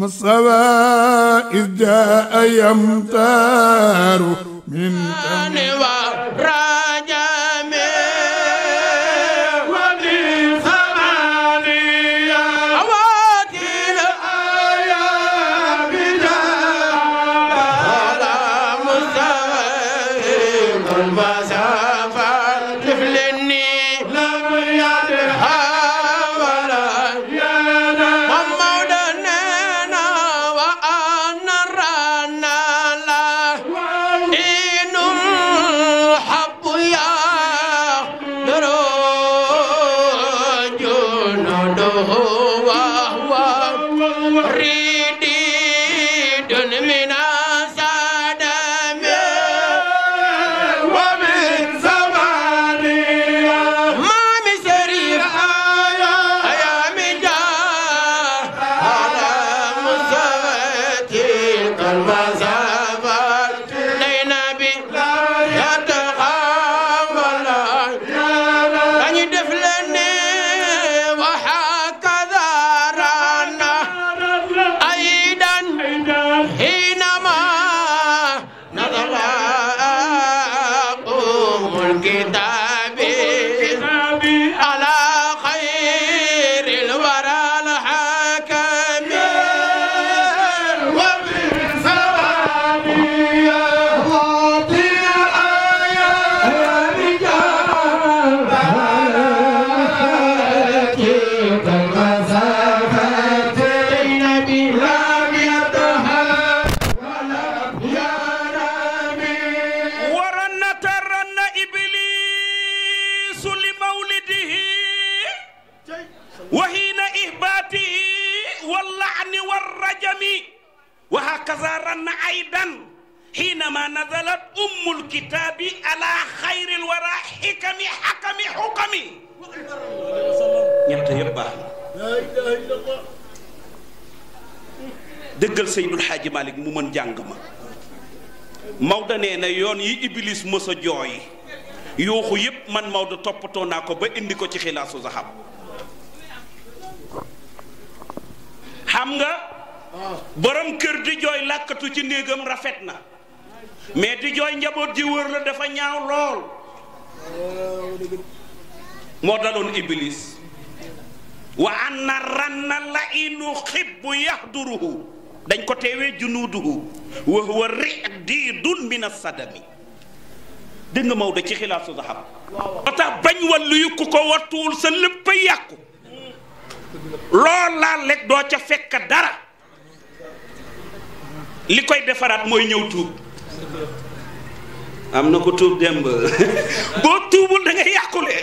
مصطفى إذ جاء يمتار من الكتاب على خير الورى حكم حكم حكم ñett yëpp baax na dëggal Seydul Xaaji Malik mu mën jàng ma Maodo nee na yoon yi Iblis mës jooy yuuxu yëpp man Maodo toppatoo naa ko ba indi ko ci xilaasu saxaab xam nga borom kër di jooy làkkatu ci néegam rafet na mais di jooy njaboot ji wër la dafa ñaaw lool moo daloon iblis wa anna ranna la inu xibbu yaxduruhu dañ ko teewee junuuduhu wa huwa ri'didun min as-sadami dégg nga Maodo ci xilaasu zahab ba tax bañ wàllu yu ko wattuwul sa lépp yàqu lool laa lekk doo ca fekk dara li koy defaraat mooy ñëw tuub am na ko tuub démb boo tuubul da ngay yàqule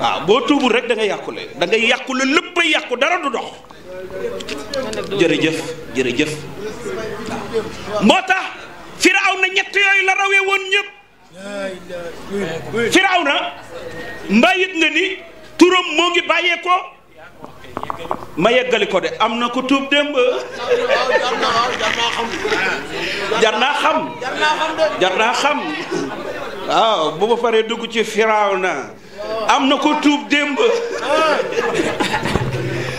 waaw boo tuubul rek da ngay yàqule da ngay yàqule lépp ay yàqu dara du dox jërëjëf jërëjëf waaw moo tax firaaw na ñett yooyu la rawee woon ñëpp firaaw na mbaa yëg nga ni turam moo ngi bàyyee ko ma yeggali ko de am na ko tuub démb jar naa xam jar naa xam waaw bu ma paree dugg ci firaaw na am na ko tuub démb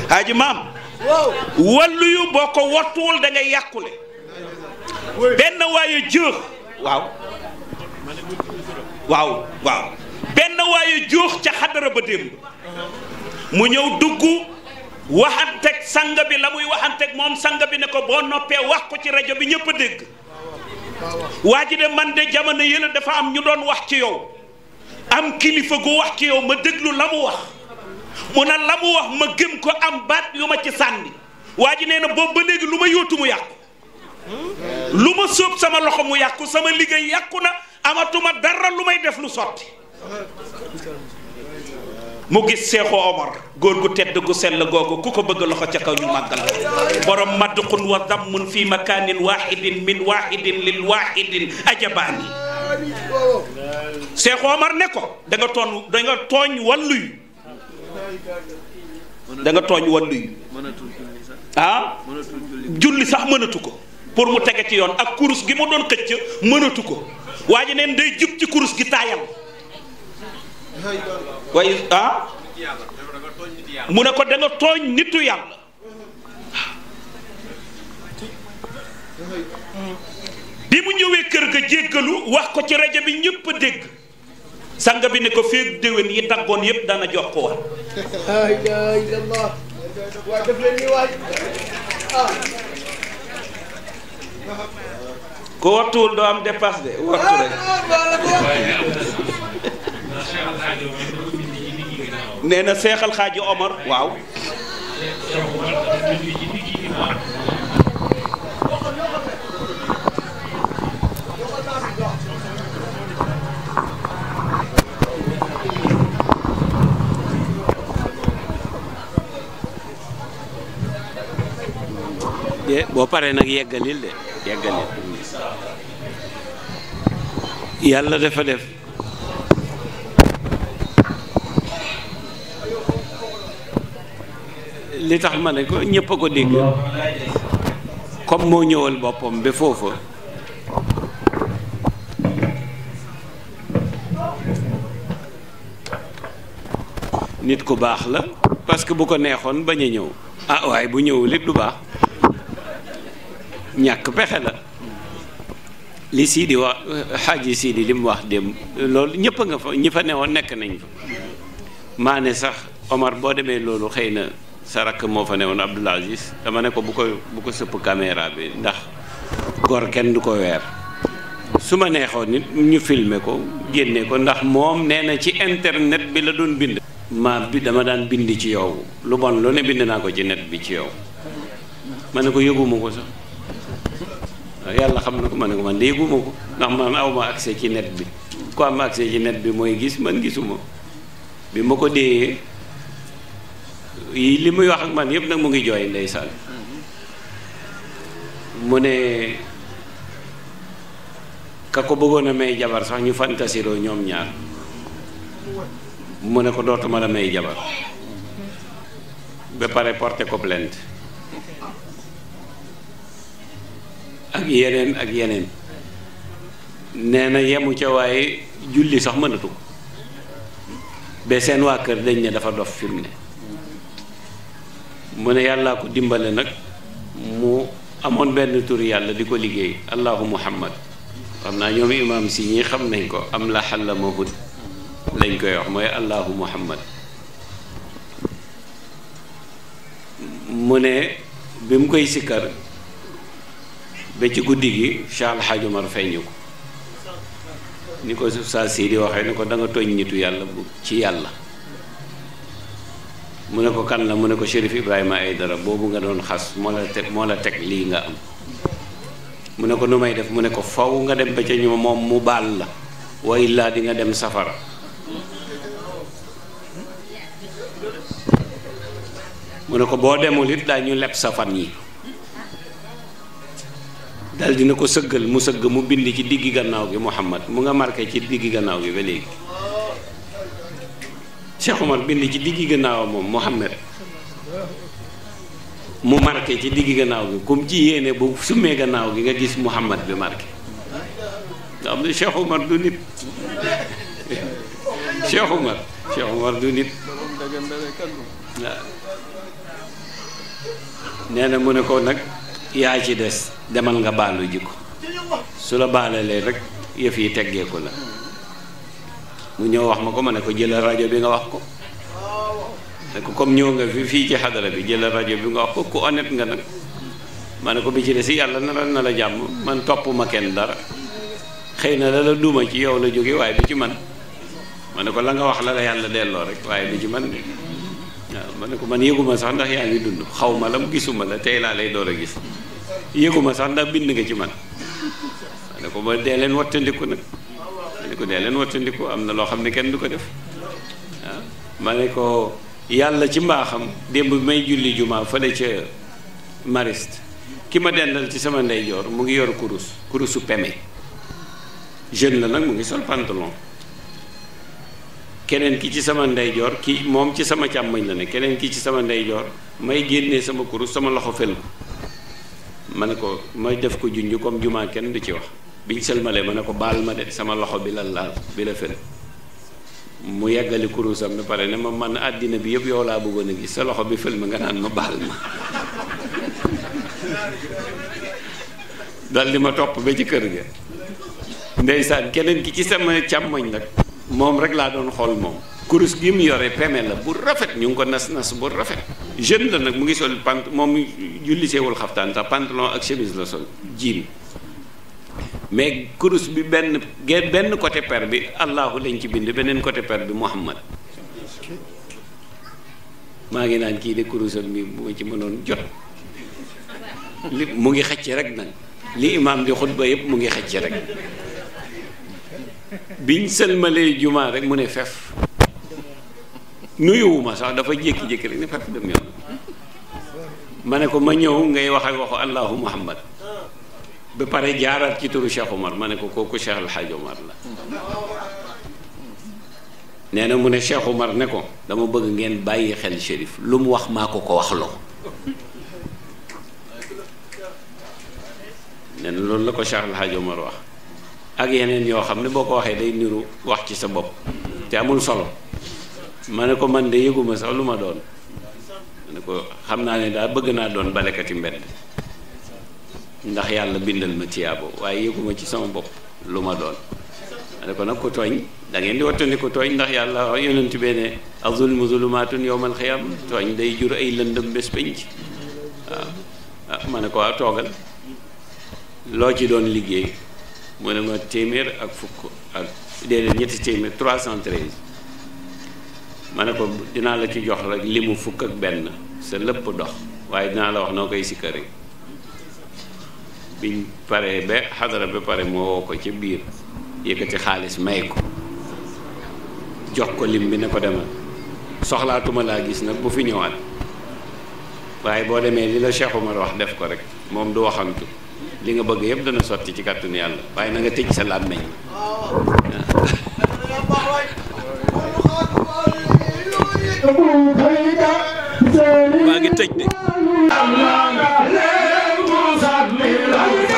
haaji maam yu boo ko wattuwul da yàqule benn waaye jëex waaw waaw benn waaye joox ca xadara ba démb mu ñëw dugg waxanteeg sang bi la muy waxanteeg moom sang bi ne ko boo noppee wax ko ci rajo bi ñëpp a dégg waa ji ne man de jamono yële dafa am ñu doon wax ci yow am kilifa gu wax ci yow ma déglu la mu wax mu ne la mu wax ma gëm ko am baat yu ma ci sànni waa ji nee na boobu ba léegi lu ma yóotu mu lu ma sóob sama loxo mu yàqu sama liggéey yàkku na amatuma dara lu may def lu sotti mu gis Seexu Omar góor gu tedd gu sell googu ku ko bëgg loxo ca kaw ñu màggal borom madduqun wa dammun fi makaanin waahidin min waahidin lil waahidin ajabaani Seexu Omar ne ko da nga tooñ da nga tooñ walluyu da nga tooñ walluyu ah julli sax mënatu ko pour mu tege ci yoon ak kurus gi ma doon xëcc mënatu ko waa ji neen day jub ci kurus gi taayal way ah mu ne ko da nga tooñ nitu yàlla bi mu ñëwee kër ga jéggalu wax ko ci rajo bi ñëpp a dégg sang bi ne ko feeg déwén yi daggoon yëpp dana jox ko war la ilaha illallah waay def leen ni ah. ko wattuwul doo am dépasse de wattu nee na seexal xaaji Omar waaw. de boo paree nag yeggalil de yeggalil yàlla dafa def. li tax ma ne ko ñëpp a ko dégg comme moo ñëwal boppam ba foofa nit ku baax la parce que bu ko neexoon bañ a ñëw ah waaye bu ñëwul it du baax ñàkk pexe la li sii di wax xaaji sii di li mu wax démb loolu ñëpp nga fa ñi fa newoon nekk nañ fa maa sax Omar boo demee loolu xëy na sa rakk moo fa newoon Abdoul Aziz dama ne ko bu ko bu ko sëpp caméra bi ndax gor kenn du ko weer su ma neexoon nit ñu filme ko génne ko ndax moom nee na ci internet bi la doon bind ma bi dama daan bind ci yow lu bon lu ne bind naa ko ci net bi ci yow ma ne ko yëguma ko sax yàlla xam na ko ma ne ko man de yëguma ko ndax man awma accès ci net bi ku am accès ci net bi mooy gis man gisuma bi ma ko déyee yii li muy wax ak man yëpp nag mu ngi jooy ndeysaan mu ne ka ko bëggoon a may jabar sax ñu fantasiroo ñoom ñaar mu ne ko dootuma la may jabar ba pare porté ko ak yeneen ak yeneen nee na yemu ca waaye julli sax mënatu ko ba seen waa kër dañ ne dafa dof fi ne mu ne yàllaa ko dimbale nag mu amoon benn tur yàlla di ko liggéey allahu muhammad xam naa ñoom imaam si ñi xam nañ ko am la xalla mahud lañ koy wax mooy allahu muhammad mu ne bi mu koy sikkar ba ci guddi gi Cheikh Al Hadj Omar feeñu ko ni ko saa si di waxee ne ko danga nga tooñ nitu yàlla bu ci yàlla mu ne ko kan la mu ne ko Chérif Ibrahima dara boobu nga doon xas moo la teg moo la teg lii nga am mu ne ko nu may def mu ne ko faw nga dem ba ca ñu moom mu baal la wa illaa di nga dem safara mu ne ko boo demul it daal ñu leb sa fan yi dal dina ko sëggal mu sëgg mu bind ci diggi gannaaw gi Muhammad mu nga marke ci diggi gannaaw gi ba léegi Cheikh Omar bind ci diggi gannaawam moom Mouhamed mu marqué ci diggi gannaaw gi comme ci yéene bu summee gannaaw gi nga gis Mouhamed bi marqué nga xam ne Cheikh Omar du nit du nit nee na mu ne ko nag yaa ci des demal nga baalu ji ko su la baalalee rek yëf yi teggeeku la mu ñëw wax ma ko ma ne ko jëlal rajo bi nga wax ko ne ko comme ñëw nga fi fii ci xadara bi jëlal rajo bi nga wax ko ku honnête nga nag ma ne ko bi ci des si yàlla naral na la jàmm man topp ma kenn dara xëy na la la duuma ci yow la jóge waaye du ci man ma ne ko la nga wax la yàlla delloo rek waaye du ci man de ma ne ko man yëguma sax ndax yaa ngi dund xaw ma la mu gisuma la tey laa lay door a gis yëguma sax ndax bind nga ci man ma ne ko dee leen wattandiku nag ku nee leen wattandiku am na loo xam ne kenn du ko def ah ma ne ko yàlla ci mbaaxam démb bi may julli jumaa fële ca mariste ki ma dendal ci sama ndeyjoor mu ngi yor kurus kurusu peme jeune la nag mu ngi sol pantalon keneen ki ci sama ndeyjoor ki moom ci sama càmmoñ la ne keneen ki ci sama ndeyjoor may génnee sama kurus sama loxo fel ko ma ne ko may def ko junj comme jumaa kenn du ci wax biñ sëlmale ma ne ko baal ma de sama loxo bi la laal bi la fel mu yeggali kurusam ba pare ne ma man àddina bi yëpp yow laa bëggoon a gis sa loxo bi fel ma nga naan ma baal ma dal di ma topp ba ci kër ga ndeysaan keneen ki ci sama càmmoñ nag moom rek laa doon xool moom kurus gi mu yore peme la bu rafet ñu ngi ko nas nas bu rafet jeune la nag mu ngi sol pant moom julliseewul xaftaan sax pantalon ak chemise la sol jiin mais kurus bi benn ge benn côté per bi allahu lañ ci bind beneen côté per bi muhammad maa ngi naan kii de kurusam mi bu ma ci mënoon jot mu ngi xëcc rek nag li imaam di xutba yépp mu ngi xëcc rek biñ sëlmalee jumaa rek mu ne fef nuyuwuma sax dafa jékki-jékki rek ne fef dem yoon ma ne ko ma ñëw ngay wax ak waxu allahu muhammad ba pare jaaraat ci turu Cheikh Omar ma ne ko kooku Cheikh El Hadj la nee na mu ne Cheikh Omar ne ko dama bëgg ngeen bàyyi xel shérif lu mu wax maa ko ko wax loo nee loolu la ko Cheikh El Hadj Omar wax ak yeneen yoo xam ne boo ko waxee day niru wax ci sa bopp te amul solo ma ne ko man de yëguma sax lu ma doon ma ne ko xam naa ne daal bëgg naa doon balekati mbedd ndax yàlla bindal ma tiyaabo waaye yëguma ci sama bopp lu ma doon ma ko nag ku tooñ da ngeen di wattandi ko tooñ ndax yàlla yonent bee ne azulmu zulumaatun yowmal xiyam tooñ day jur ay lëndëm bés ah, ma ne ko waaw toogal loo ci doon liggéey mu ne ma téeméer ak fukk ak déedéet ñetti téeméer 313 ne ko dinaa la ci jox rek li mu fukk ak benn sa lëpp dox waaye dinaa la wax noo koy sikkare biñ paree ba xadara ba pare moo ko ci biir yëkkati xaalis may ko jox ko lim bi ne ko demal soxlaatuma laa gis nag bu fi ñëwaat waaye boo demee li la Cheikh Omar wax def ko rek moom du waxantu li nga bëgg yëpp dana sotti ci kàttanu yàlla waaye na nga tëj sa làmmeñ maa ngi tëj de Musa mi la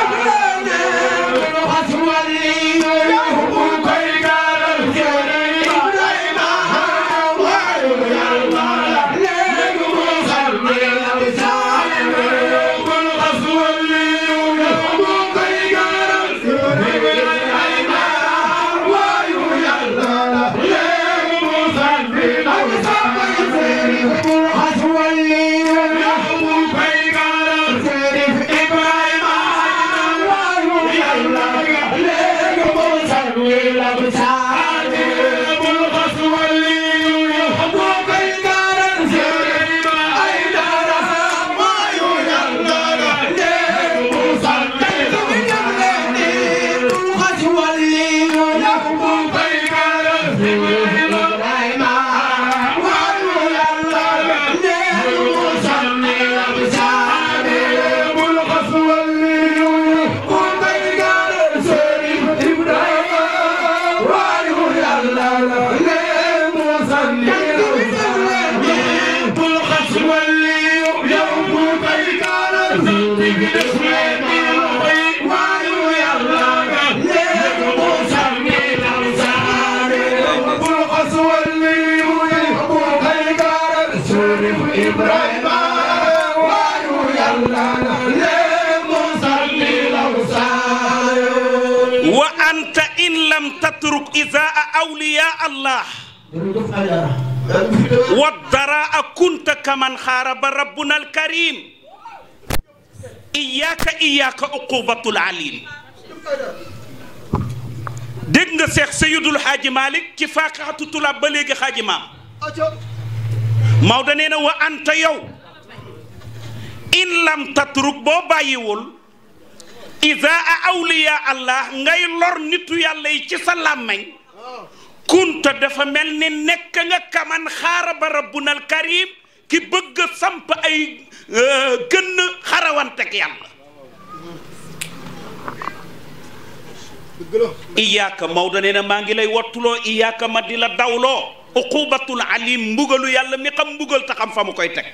allah wa daraa kunta kaman xaaraba rabbuna alkarim iyaaka iyaaka uqubatul alim dégg nga seex sayidul xaaji malik ci faaqaxatu tulaab ba léegi xaaji wa anta yow in lam tatruk boo bàyyiwul idaa awliyaa allah ngay lor nitu ci sa làmmeñ kunta dafa mel ni nekk nga kaman xaara ba rabbunal karim ki bëgg samp ay euh, gën xarawantek yàlla iyaaka Maodo nee na maa ngi lay wattuloo iyaaka ma di la dawloo uqubatul alim mbugalu yàlla mi xam mbugal ta xam fa mu koy teg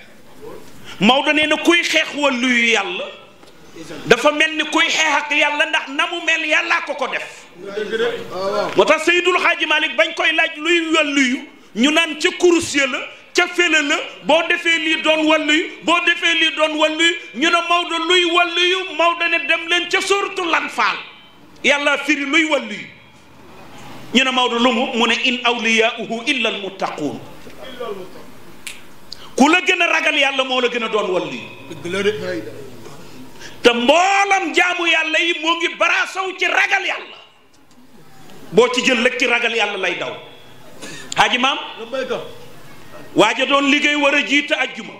Maodo nee na kuy xeex wàllu yu yàlla dafa mel ni kuy xeex yàlla ndax na mu mel yàllaa ko ko def moo tax Seydul Xaaji Malik bañ koy laaj luy wàlluyu ñu naan ca kurus ya la ca fele la boo defee lii doon wàlluyu boo defee lii doon wàlluyu ñu ne Maodo luy wàlluyu dem leen ca sóoratu Lanfaal yàlla firi luy wàlluyu ñu ne Maodo lu mu mu ne in awliyaauhu illa al ku la gën a ragal yàlla moo la gën a doon wàlluyu te mboolam jaamu yàlla yi moo ngi baraasaw ci ragal yàlla boo ci jël rek ci ragal yàlla lay daw xaaji maam waaja doon liggéey war a jiite ajjuma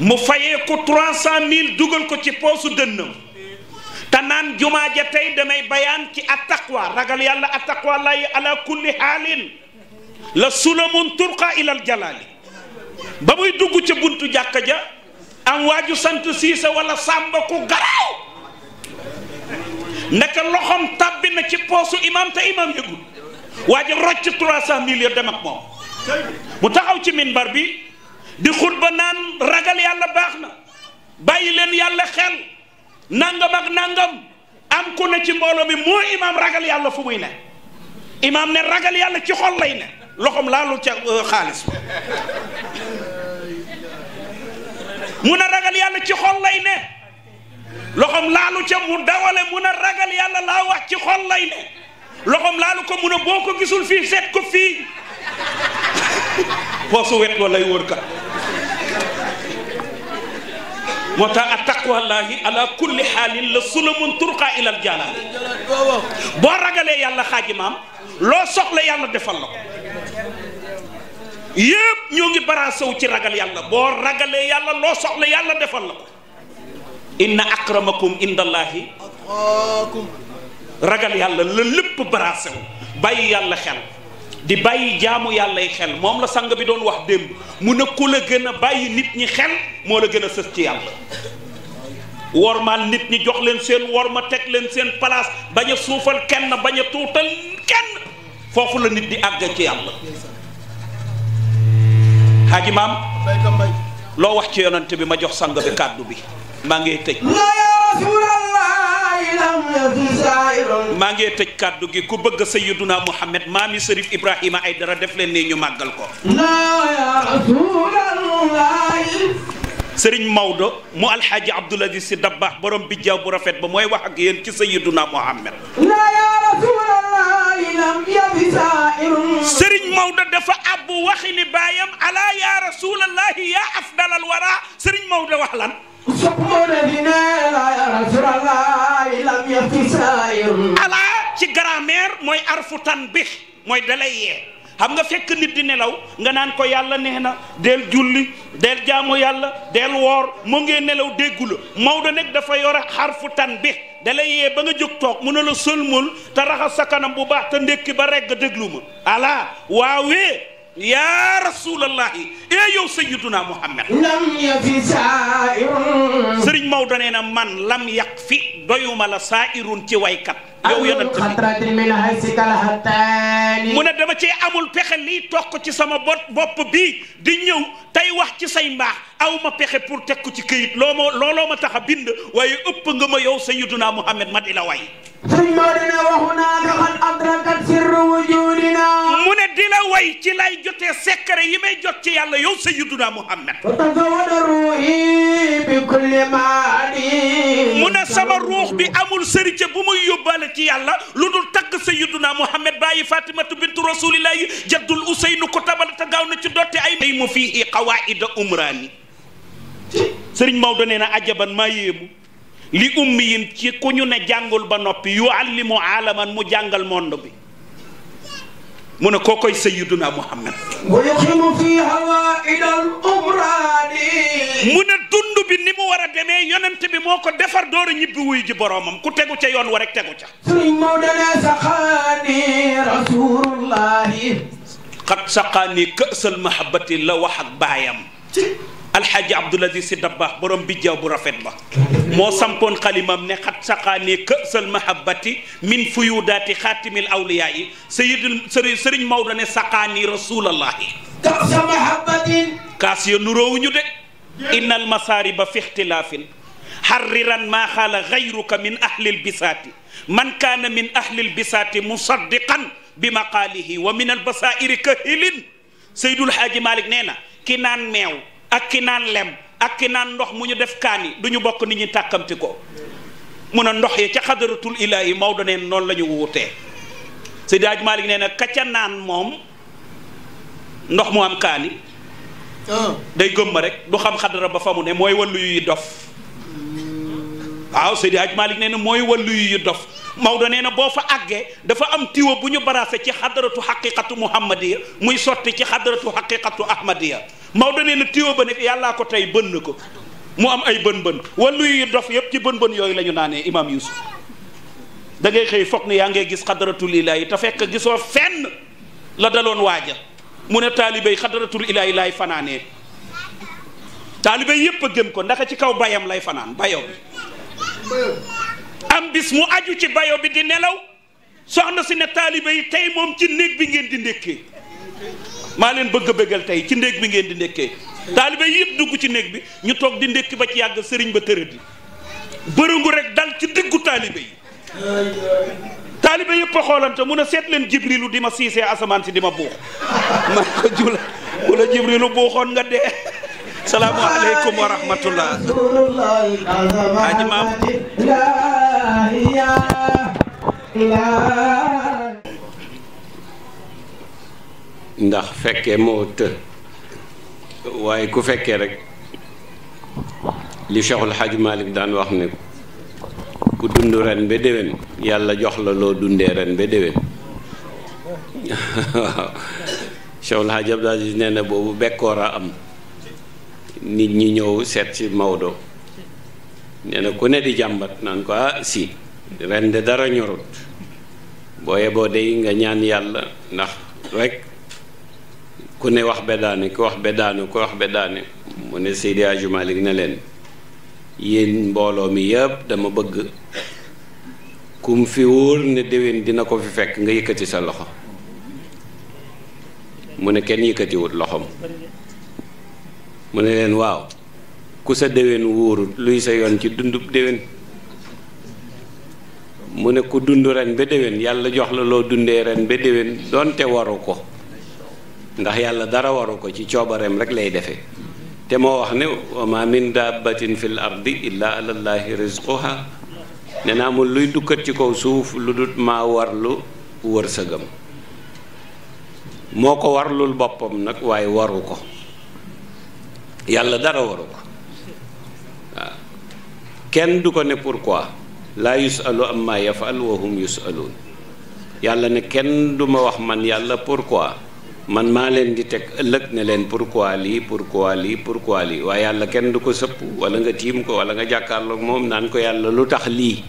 mu fayee ko trois cent mille dugal ko ci poosu dënnam te naan jumaa ja tey damay bayaan ci attaqwa ragal yàlla attaqwa lay ala kulli xaalin la sulamun turqa ilal jalaali ba muy dugg ca buntu jàkka ja am waaju sant siise wala sàmba ku garaaw ndeke loxoom tàbbi na ci poosu imam te imam yëgul waaja rocc trois dem ak moom mu taxaw ci minbar bi di xutba naan ragal yàlla baax na bàyyi leen yàlla xel nangam ak nangam am ku ne ci mbooloo bi moo imam ragal yàlla fu muy ne imam ne ragal yàlla ci xol lay ne loxoom laalu ca euh, xaalis mun a ragal yàlla ci xol lay ne loxoom laalu ca mu dawale mun a ragal yàlla laa ci xol lay ne loxoom laalu ko mu a boo ko gisul fii seet ko fii foo su wet walay wër kat moo tax a taqwallahi ala kulli xaalin la sulamun turqa ilal jalaali boo ragalee yàlla xaaji maam loo soxla yàlla defal yépp ñoo ngi baraasaw ci ragal yàlla boo ragalee yàlla loo soxla yàlla defal la ko inna akramakum indallahi ragal yàlla la lépp baraasaw bàyyi yàlla xel di bàyyi jaamu yàllay xel moom la sàng bi doon wax démb mu ne ku gën a bàyyi nit ñi xel moo la gën a sës ci yàlla wormaal nit ñi jox leen seen worma teg leen seen place bañ a suufal kenn bañ a tuutal kenn foofu la nit di àgg ci yàlla xaaji maam loo wax ci yonent bi ma jox sang bi kàddu bi maa ngi tëj maa ngi tëj kàddu gi ku bëgg sayyiduna muhammad maami sërif ibrahima ay dara def leen nii ñu màggal ko sëriñ Maodo mu alxaaji abdul aziz si dabbaax borom bijjaaw bu rafet ba mooy wax ak yéen ci sayyiduna muhammad Maodo dafa àbbu waxi baayam alaa yaa rasulallahi yaa afdalal wara sëriñ Maodo wax lan alaa ci grammaire mooy arfu tanbih mooy dalay yee xam nga fekk nit di nelaw nga naan ko yàlla nee na del julli del jaamu yàlla del woor moo ngee nelaw déggu la Maodo nag dafa yore xarfu bi dalay yee ba nga jóg toog mu ne la sëlmul te raxas sa kanam bu baax te ndékki ba regg déglu ma ala waawee yaa rasulallahi ee eh yow sayyiduna muhammad lam ya fi saairun sëriñ Maodo nee na man lam yàq fi doyuma la saairun ci waykat yow yonent bi xatratin min haysikal hattaani mu ne dama pexe lii tokk ci sama bot bopp bii di ñëw tey wax ci say mbaax aw ma pexe pour teg ko ci këyit loo ma looloo ma tax a bind waaye ëpp nga ma yow sayyiduna Muhammad ma di la way sëñ Maodo waxu naa mu ne di la way ci lay jotee secret yi may jot ci yàlla yow sayyiduna Muhammad. tazawwada ruuhi bi kulli maadi. mu ne sama ruux bi amul sëriñ bu muy yóbbaale ci yàlla lu dul tagg sayyiduna Muhammad bàyyi Fatimatu bintu rasulillahi jaddul Useynu ko tabal te gaaw na ci dotte ay day mu fii i qawaida umraani sëriñ Maodo nee na ajaban maa yéemu li ummiyin ci ku ñu ne jàngul ba noppi yu allimu aalaman mu jàngal monde bi mu ne koo koy sayyiduna Muhammad wa yuqimu fi hawaa'id al umraani mu ne dund bi ni mu war a demee yonent bi moo ko defar door a ñibbi wuy ji boroomam ku tegu ca yoon wa rek tegu ca sëriñ Maodo ne saqaani rasulullahi qad saqaani kësal mahabbati la wax ak baayam alxaaji abdul aziz si dabbaax borom bijjaaw bu rafet ba moo sampoon xalimam ne xat saqaani kësal mahabbati min fuyudaati xaatimil awliyaa yi sayidul sëriñ sëriñ Maodo ne saqaani rasulallahi kasa mahabbatin kaas ya nuróowuñu de innal masaariba fi ixtilaafin xarriran maa xaala gayruka min ahlil bisaati man kaana min ahlil bisaati musaddiqan bi maqaalihi wa min albasaairi kahilin seydul xaaji malik nee na ki naan meew ak naan lem ak naan ndox mu ñu def kaani du ñu bokk nit ñi tàkkamti ko mun a ndox yi ca xadaratul ilaahi Maodo neen noonu la ñu wuutee Seydi Hadj Malick nee na kaca naan moom ndox mu am kaani ah. day gëmma rek du xam xadara ba fa mu ne mooy wàllu yuy dof waaw Seydi Hadj Malick neen na mooy wàllu yuy dof Maodo nee na boo fa àggee dafa am tiwo bu ñu baraase ci xadaratu xaqiqatu muhammadiya muy sotti ci xadaratu xaqiqatu ahmadiya Maodo nee na tuyoo ba nekk yàllaa ko tey bënn ko mu am ay bën-bën wala yu dof yëpp ci bën-bën yooyu la ñu naanee imam Youssouf da ngay xëy foog ni yaa ngay gis xadaratul ilaahi te fekk gisoo fenn la daloon waaja mu ne taalibe yi xadaratul ilaahi laay fanaanee taalibe yépp a gëm ko ndax ci kaw bayam lay fanaan bayo bi am bis mu aju ci bayo bi di nelaw soxna si ne taalibe tey moom ci néeg bi ngeen di ndékkee maa leen bëgg a bëggal tey ci néeg bi ngeen di ndekkee taalibe yëpp dugg ci néeg bi ñu toog di ndekki ba ci yàgg sëriñ ba tërëdi bërëngu rek dal ci diggu taalibe yi taalibe yëpp a xoolante mun a seet leen jibrilu di ma siisee asamaan si di ma buux man ko jula bu la jibrilu buuxoon nga dee salaamaaleykum wa rahmatullah aji maam ndax fekkee moo të waaye ku fekkee rek li Cheikhul Hadj Malick daan wax ne ku dund ren ba déwén yàlla jox la loo dundee ren ba déwén waaw Cheikhul Hadj Abdou Aziz nee am nit ñi ñëw seet ci Maodo nee na ku ne di jàmbat naan ko ah si ren de dara ñorut boo yeboo day nga ñaan yàlla ndax rek ku ne wax be daane ku wax be daane ku wax be mu ne Seydi Hadji Malick ne leen yéen mbooloo mi yëpp dama bëgg ku fi wóor ne déwén dina ko fi fekk nga yëkkati sa loxo mu ne kenn yëkkatiwut loxoom mu ne leen waaw ku sa déwén wóorut luy sa yoon ci dundub déwén mu ne ku dund ren ba déwén yàlla jox la loo dundee ren ba déwén donte waru ko ndax yàlla dara waru ko ci coobareem rek lay defe te moo wax ne wa ma min dabbatin fil ardi illa alallahi rizquha ne naa amul luy dukkat ci kaw suuf lu dut maa warlu wër sëgam moo ko warlul boppam nag waaye waru ko yàlla dara waru ko waaw kenn du ko ne pourquoi laa yusalu amma yafal wa hum yusalun yàlla ne kenn du ma wax man yàlla pour pourquoi man maa leen di teg ëllëg ne leen pourquoi lii pourquoi lii pourquoi lii waaye yàlla kenn du ko sëpp wala nga tiim ko wala nga jàkkaarloog moom naan ko yàlla lu tax lii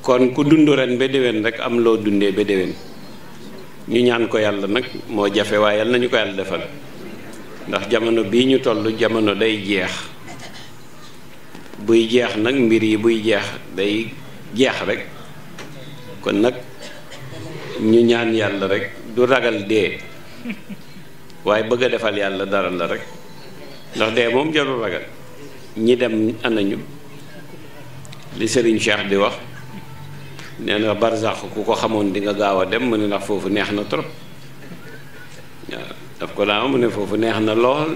kon ku dund ren ba déwén rek am loo dundee ba déwén ñu ñaan ko yàlla nag moo jafe waaye yàlla nañu ko yàlla defal ndax jamono bii ñu tollu jamono day jeex buy jeex nag mbir yi buy jeex day jeex rek kon nag ñu ñaan yàlla rek du ragal dee waaye bëgg a defal yàlla dara la rek ndax dee moom jarul ragal ñi dem anañu li sëriñ Cheikh di wax nee na barzax ku ko xamoon di nga gaaw a dem mu ne ndax foofu neex na trop waaw daf ko daa mu ne foofu neex na lool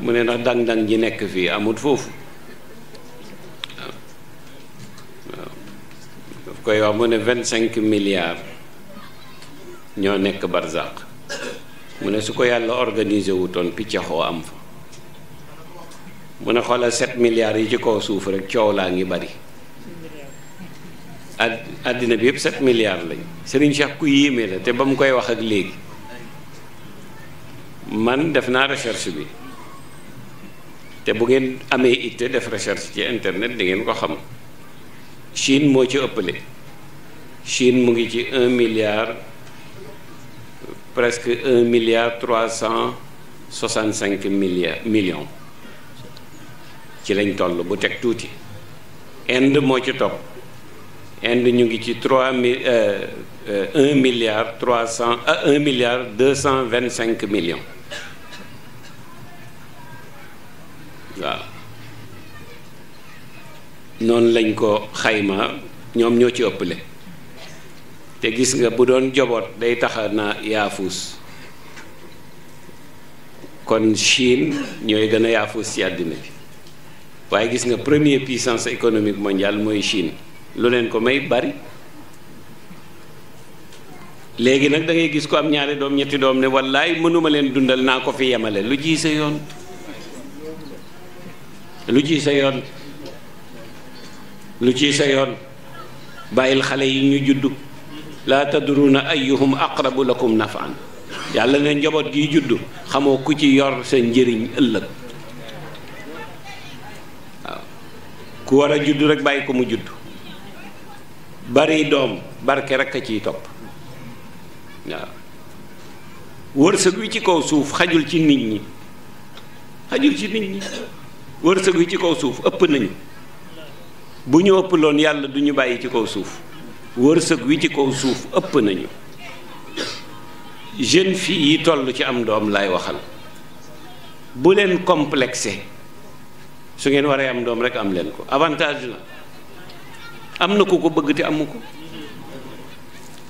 mu ne ndax dang-dang ji nekk fii amut foofu koy wax mu ne vingt cinq milliards ñoo nekk barzaq mu ne su ko yàlla organisé wutoon piccaxoo am fa mu ne xoolal sept milliards yi ci kaw suuf rek coow laa ngi bari àddina bi yëpp set milliards lañ Serigne Cheikh ku yéeme la te ba mu koy wax ak léegi man def naa recherche bi te bu ngeen amee itte def recherche ci internet di ngeen ko xam Chine moo ci ëppale Chine mu ngi ci un milliard presque un milliard trois cent soixante cinq milliards million ci lañ toll bu teg tuuti Inde moo ci topp Inde ñu ngi ci trois mille euh, euh, un milliard trois cent euh, un milliard deux cent vingt cinq million noonu lañ ko xayma ñoom ñoo ci ëpple te gis nga bu doon joboot day taxa na yaafuus kon Chine ñooy gën a yaafuus ci àddina bi waaye gis nga première puissance économique mondiale mooy Chine lu leen ko may bari léegi nag dangay gis ko am ñaari doom ñetti doom ne wallaay mënuma leen dundal naa ko fi yemale lu ji sa yoon lu ji sa yoon lu ciy sa yoon bàyyil xale yi ñu juddu laa na ayyuhum aqrabu lakum nafan yàlla ne njaboot gi juddu xamoo ku ci yor sa njëriñ ëllëg waaw ku war a juddu rek bàyyi ko mu juddu bari doom barke rek a ciy topp waaw wërsëg wi ci kaw suuf xajul ci nit ñi xajul ci nit ñi wërsëg wi ci kaw suuf ëpp nañu bu ñu ëpp loon yàlla duñu bàyyi ci kaw suuf wërsëg wi ci kaw suuf ëpp nañu jeune fille yi toll ci am doom laay waxal bu leen complexé su ngeen waree am doom rek am leen ko avantage la am na ku ko bëgg te amu ko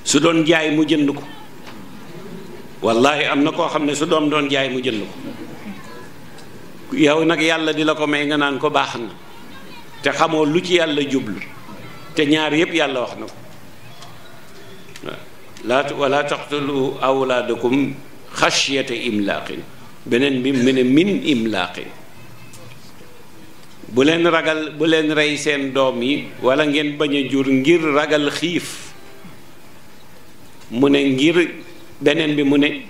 su doon jaay mu jënd ko wallahi am na koo xam ne su doom doon jaay mu jënd ko yow nag yàlla di la ko may nga naan ko baax na te xamoo lu ci yàlla jublu te ñaar yépp yàlla wax na ko laa wala taqtulu awlaadakum xashyata imlaaqin beneen bi mu ne min imlaaqin bu leen ragal bu leen rey seen doom yi wala ngeen bañ a jur ngir ragal xiif mu ne ngir beneen bi mu ne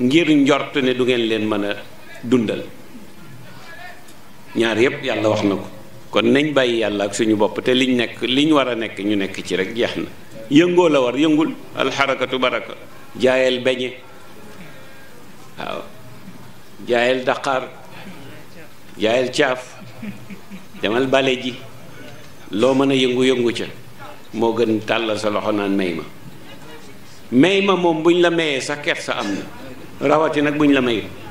ngir njort ne du ngeen leen mën a dundal ñaar yépp yàlla wax na ko kon nañ bàyyi yàlla ak suñu bopp te liñ nekk liñ war a nekk ñu nekk ci rek jeex na yëngoo la war yëngul alxarakatu baraka jaayal beñe waaw jaayal daqaar jaayal caaf demal bale ji loo mën a yëngu-yëngu ca moo gën tàllal sa loxo naan may ma may ma moom buñ la mayee sa kersa am na rawati nag buñ la mayee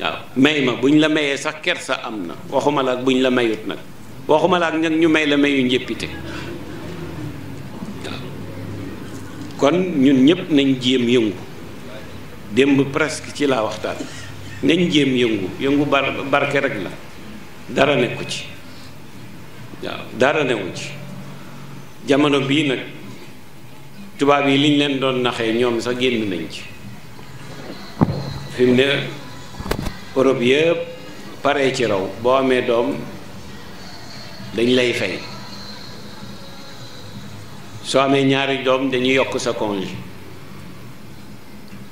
waaw may ma buñ la mayee sax sa am na waxuma la ak buñ la mayut nag waxuma la ak nag ñu may la mayu njëppite waaw kon ñun ñëpp nañ jéem yëngu démb presque ci laa waxtaan nañ jéem yëngu yëngu bar barke rek la dara nekku ci waaw dara newu ci jamono bii nag tubaab yi liñ leen doon naxee ñoom sax génn nañ ci fi ne Europe yëpp pare ci raw boo amee doom dañ lay fay soo amee ñaari doom dañuy yokk sa congé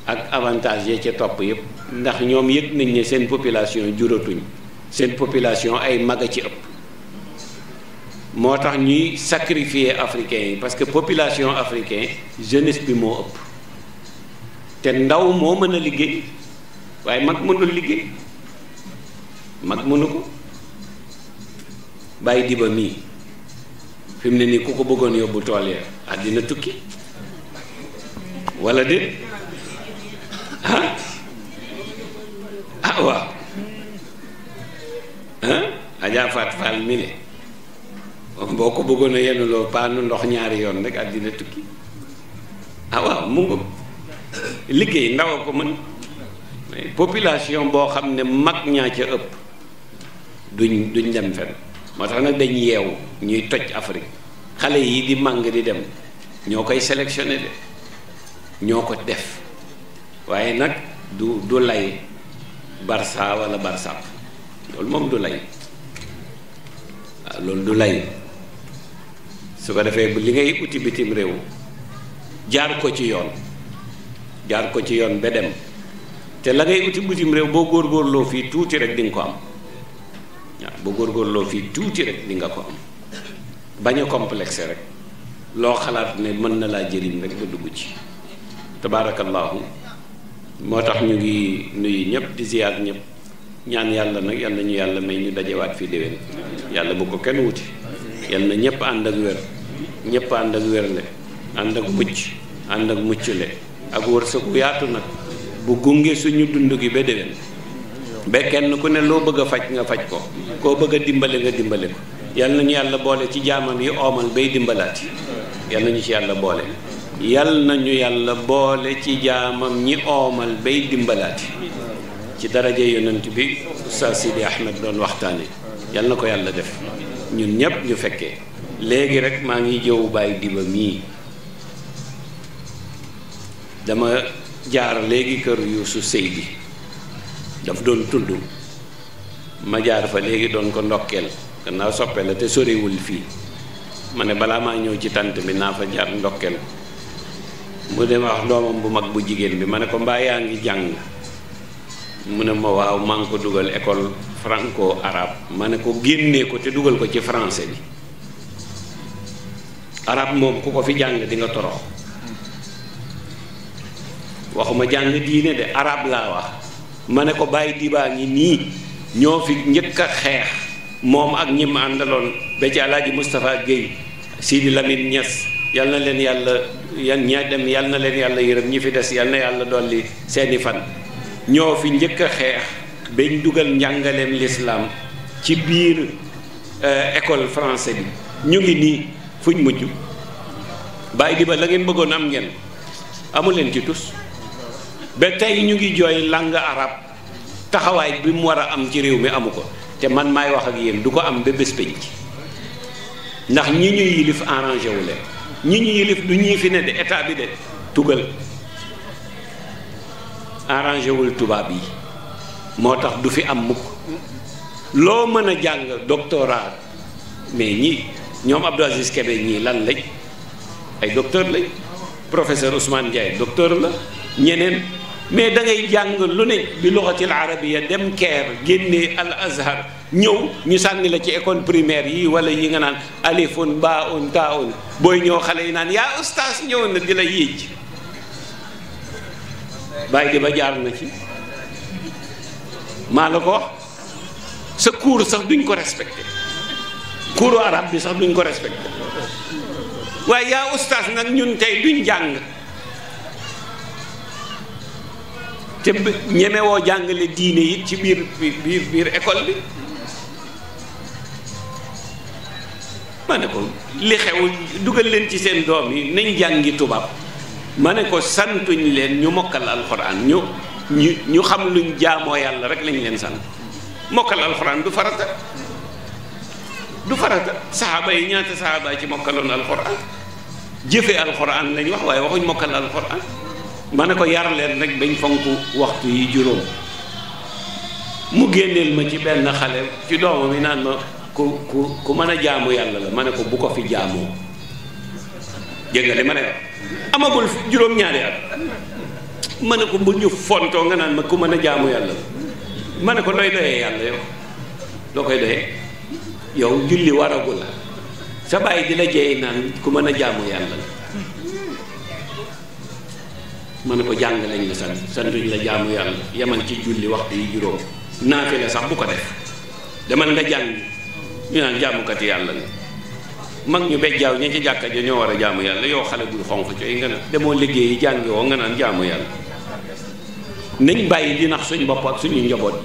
ak avantage ya ca topp yëpp ndax ñoom yëg nañ ne seen population juratuñ seen population ay mag a ci ëpp moo tax ñuy sacrifier africains yi parce que population africain jeunesse bi moo ëpp te ndaw moo mën a liggéey waaye mag mënul liggéey mag mënu ko bàyyi diba mii fi ne nii ku ko bëggoon yóbbu tool ya àddina tukki walla déet ah waaw ah Adja Faat Fall boo ko bëggoon a yenuloo paanu ndox ñaari yoon rek àddina tukki ah waaw mu ngoog liggéey ndaw a ko mën population boo xam ne mag ñaa ca ëpp duñ duñ dem fen moo tax nag dañ yeewu ñuy toj Afrique xale yi di màng di dem ñoo koy sélectionné de ñoo ko def waaye nag du du lay Barça wala Barça loolu moom du lay loolu du lay su ko defee li ngay uti bitim réew jaar ko ci yoon jaar ko ci yoon ba dem te la ngay uti bitim réew boo góorgóorloo fii tuuti rek di ko am waaw boo góorgóorloo fii tuuti rek di ko am bañ a rek loo xalaat ne mën na laa jëriñ rek ba dugg ci tabaarakallaahu moo tax ñu ngi nuyu ñëpp di ziyaar ñëpp ñaan yàlla nag yal yàlla may ñu dajewaat fii déwén yàlla bu ko kenn wuti yal na ñëpp ànd ak wér ñépp ànd ak wérle ànd ak mucc ànd ak mucc le ak wërsëgu yaatu nag bu gunge suñu dund gi ba déwén ba kenn ku ne loo bëgg a faj nga faj ko koo bëgg a dimbale nga dimbale ko yal nañu yàlla boole ci jaamam yi oomal bay dimbalaati yal nañu ci yàlla boole yal nañu yàlla boole ci jaamam ñi oomal bay dimbalaati ci daraja yonent bi Oustaz Sidi Ahmed doon waxtaane yal na ko yàlla def ñun ñépp ñu fekkee léegi rek maa ngi jëw bàyyi diba mii jaar léegi kër yuusu sëy bi daf doon tudd ma jaar fa léegi doon ko ndokkeel gannaaw soppe la te soriwul fii ma ne balaa maa ñëw ci tant bi naa fa jaar ndokkeel ko mu dem wax doomam bu mag bu jigéen bi ma ne ko mbaa yaa ngi jàng mu ne ma waaw maa ngi ko dugal école franco arabe ma ne ko génnee ko te dugal ko ci français bi arabe moom ku ko fi jàng di nga torox waxuma jàng diine de arab laa wax ma ne ko bàyyi dibaa ngi nii ñoo fi njëkk a xeex moom ak ñi mu àndaloon ba ci alaaji Moustapha Guèye Sidi Lamine Niass yal na leen yàlla yan ña dem yal na leen yàlla yërëm ñi fi des yal na yàlla dolli seeni fan ñoo fi njëkk a xeex bañ dugal njàngaleem lislaam ci biir euh, école français bi ñu ngi nii fuñ mujj bàyyi diba la ngeen bëggoon am ngeen amu leen ci tus ba tey ñu ngi jooy langue arabe taxawaay bi mu war a am ci réew mi amu ko te man maay wax ak yéen du ko am ba bés ndax ñi ñuy yilif arrangé wu ñi ñu yilif du ñii fi ne de état bi de tugal arrangé wul tubaab yi moo tax du fi am mukk loo mën a jàng doctorat mais ñii ñoom Abdou Aziz Kébé ñii lan lañ ay docteur lañ professeur Ousmane Ndiaye docteur la ñeneen mais da jàng lu ne bi luxatil arabiya dem keer génnee al ñëw ñu sànni la ci école primaire yi wala yi nga naan alifun baun taun booy ñëw xale yi naan yaa ustaas ñëw na di la yéej bàyyi di ba jaar na ci maa la ko wax sa cours sax duñ ko respecté cours arabe bi sax duñ ko respecté waaye yaa ustaas nag ñun tey duñ jàng te ñemewoo jàngale diine yi ci biir biir biir école bi ma ne ko li xew dugal leen ci seen doom yi nañ jàngi tubaab ma ne ko santuñ leen ñu mokkal alxuraan ñu ñu ñu xam luñ jaamoo yàlla rek lañ leen sant mokkal alxuraan du farata du farata saxaaba yi ñaata saxaaba ci mokkaloon alxuraan jëfe alxuraan lañ wax waaye waxuñ mokkal alxuraan ma ne ko yar leen rek bañ fonk waxtu yi juróom mu génneel ma ci benn xale ci doomam yi naan ma ku ku ku mën a jaamu yàlla la ma ne ko bu ko fi jaamoo dégg nga amagul juróom-ñaari ne ko bu ñu nga naan ma mën a jaamu yàlla ma ne ko looy doyee yàlla yow loo koy doyee yow julli waragu la sa bàyyi di la jeey naan ku mën a jaamu yàlla la ma ne ko jàng lañ la sant santuñ la jaamu yàlla yemal ci julli waxtu yi juróom naafi la sax bu ko def demal nga jàng ñu naan jaamukati yàlla nga mag ñu bejjaaw ña ci jàkka ja ñoo war a jaamu yàlla yow xale buy xonq cooy nga naan demoo liggéey yi jàngi woo nga naan jaamu yàlla nañ bàyyi di nax suñ bopp ak suñu njaboot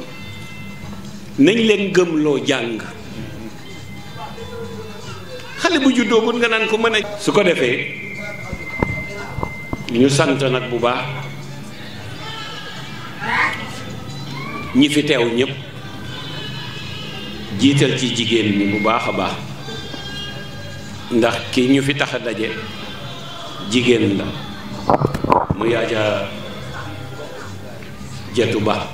nañ leen gëmloo jàng xale bu juddoo gut nga naan ko mën a su ko defee ñu sant nag bu baax ñi fi teew ñépp jiital ci jigéen ñi bu baax a baax ndax ki ñu fi tax a daje jigéen la mu yaaja jetu ba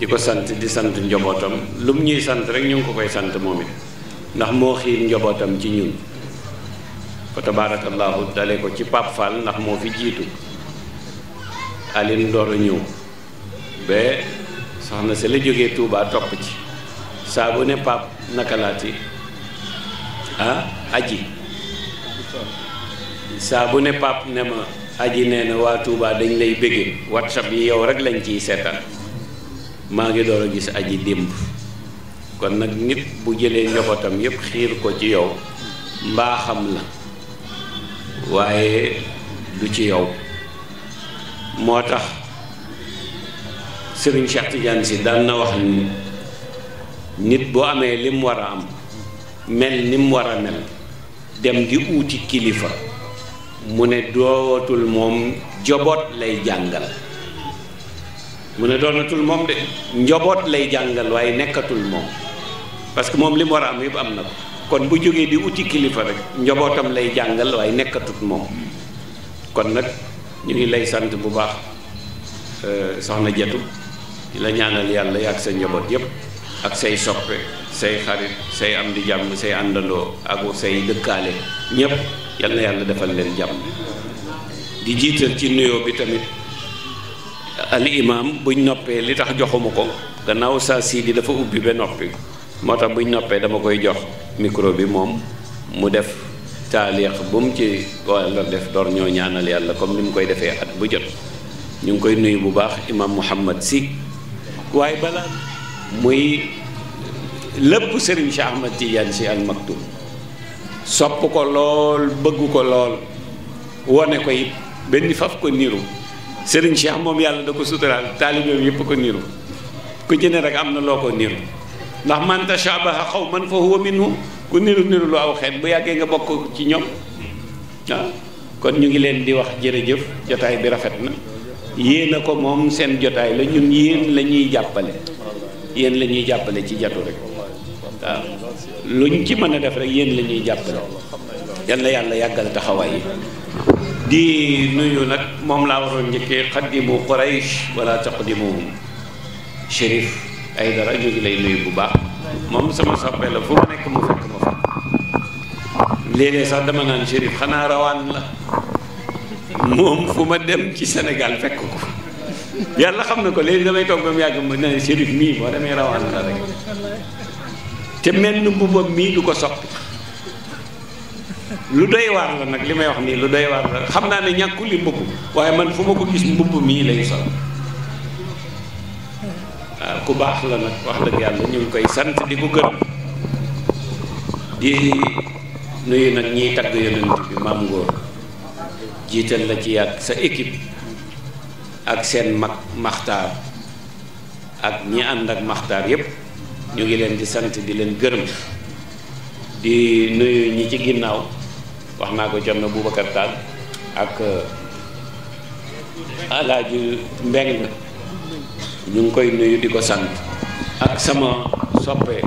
di ko sant di sant njobootam lum ñuy sant rek ñu ngi ko koy sant moom it ndax moo xiir njobootam ci ñun fa tabaarakallaahu dale ko ci Pape Fall ndax moo fi jiitu Aline door a ñëw ba soxna si la jógee tuubaa topp ci saa bu ne pap naka laati ah aji saa bu ne Pape ne ma aji nee na waa tuubaa dañ lay béggee whatsapp yi yow rek lañ ciy seetaan maa ngi door a gis aji démb kon nag nit bu jëlee njabootam yépp xiir ko ci yow mbaaxam la waaye du ci yow moo tax sëriñ Cheikh si daan na wax ni nit boo amee lim war a am mel ni mu war a mel dem di uuti kilifa mu ne dootul moom njaboot lay jàngal mu ne doonatul moom de njaboot lay jàngal waaye nekkatul moom parce que moom li mu war a am yëpp am na ko kon bu jógee di uti kilifa rek njabootam lay jàngal waaye nekkatut moom kon nag ñu ngi lay sant bu baax euh, soxna Jatu la ñaanal yàlla ak sa njaboot yépp ak say soppe say xarit say am di jàmm say àndandoo ak say dëkkaale ñépp yal na yàlla defal leen jàmm di jiital ci nuyoo bi tamit al imaam buñ noppee li tax joxuma ko gannaaw sa sii di dafa ubbi ba noppi moo tax buñ noppee dama koy jox micro bi moom mu def taaliix bu mu ci walla def door ñoo ñaanal yàlla comme ni mu koy defee at bu jot ñu ngi koy nuyu bu baax imam Mouhamad si waaye balaa muy lépp Serigne Cheikh Ahmad Tidiane si Al Maktoum sopp ko lool bëgg ko lool wone ko it benn faf ko niru Serigne Cheikh moom yàlla da ko suturaal taalibeem yëpp ko niru ku ci ne rek am na loo ko niru ndax man tashabaha qawman fa huwa minhum ku niru niru lu aw xeet bu yàggee nga bokk ci ñoom waaw kon ñu ngi leen di wax jërëjëf jotaay bi rafet na yéen a ko moom seen jotaay la ñun yéen lañuy ñuy jàppale yéen la ñuy jàppale ci jatu rek waaw luñ ci mën a def rek yéen la ñuy jàppale yal na yàlla yàggal taxawaay yi di nuyu nag moom laa waroon njëkkee xaddimu quraysh wala taqdimuhum shérif ay dara ñu lay nuyu bu baax moom sama soppee la fu mu nekk mu fekk ma fa léeg sax dama naan Chérif xanaa rawaan la moom fu ma dem ci Sénégal fekk ko yàlla xam na ko léegi damay toog ba mu yàgg ma ne Chérif mii boo demee rawaan la rek te mel ni mbubbam mii du ko soppi lu doy waar la nag li may wax nii lu doy waar la xam naa ne ñàkkul li mbubb waaye man fu ma ko gis mbubb mii lay sol ku baax la nag wax dëgg yàlla ñu ngi koy sant di ko gërëm di nuyu nag ñiy tagg yonent bi maam ngóor jiital la ci ak sa équipe ak seen mag maxtaar ak ñi ànd ak maxtaar yépp ñu ngi leen di sant di leen gërëm di nuyu ñi ci ginnaaw wax naa ko jot na Boubacar Tall ak euh, alaaju Mbeng ñu ngi koy nuyu di ko sant ak sama soppe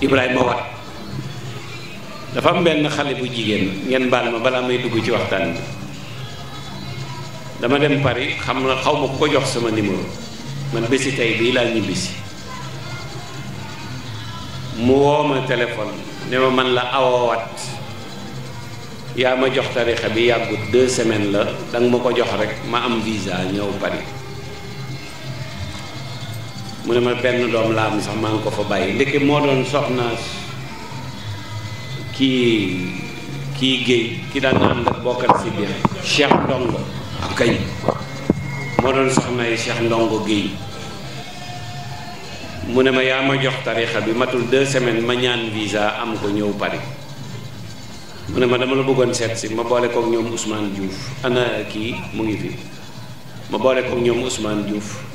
Ibrahima Wat dafa am benn xale bu jigéen ngeen baal ma balaa may dugg ci waxtaan bi dama dem Paris xam na xaw ma ku ko jox sama numéro man bési tey bii laa ñibbisi mu woo ma téléphone ne ma man la awawaat yaa ma jox tarixa bi yàggut deux semaines la danga ma ko jox rek ma am visa ñëw Paris mu ne ma benn doom laa am sax maa ngi ko fa bàyyi ndeke moo doon soxna kii kii géey kii daan ànd ak bokkal si biir Cheikh Ndongo ak ah, kay moo doon soxna yi Cheikh Ndongo géey mu ne ma yaa ma jox tarixa bi matul deux semaine ma ñaan visa am ko ñëw Paris mu ne ma dama la bëggoon seet si ma boole kook ñoom Ousmane Diouf ana kii mu ngi fi ma boole kook ñoom Ousmane Diouf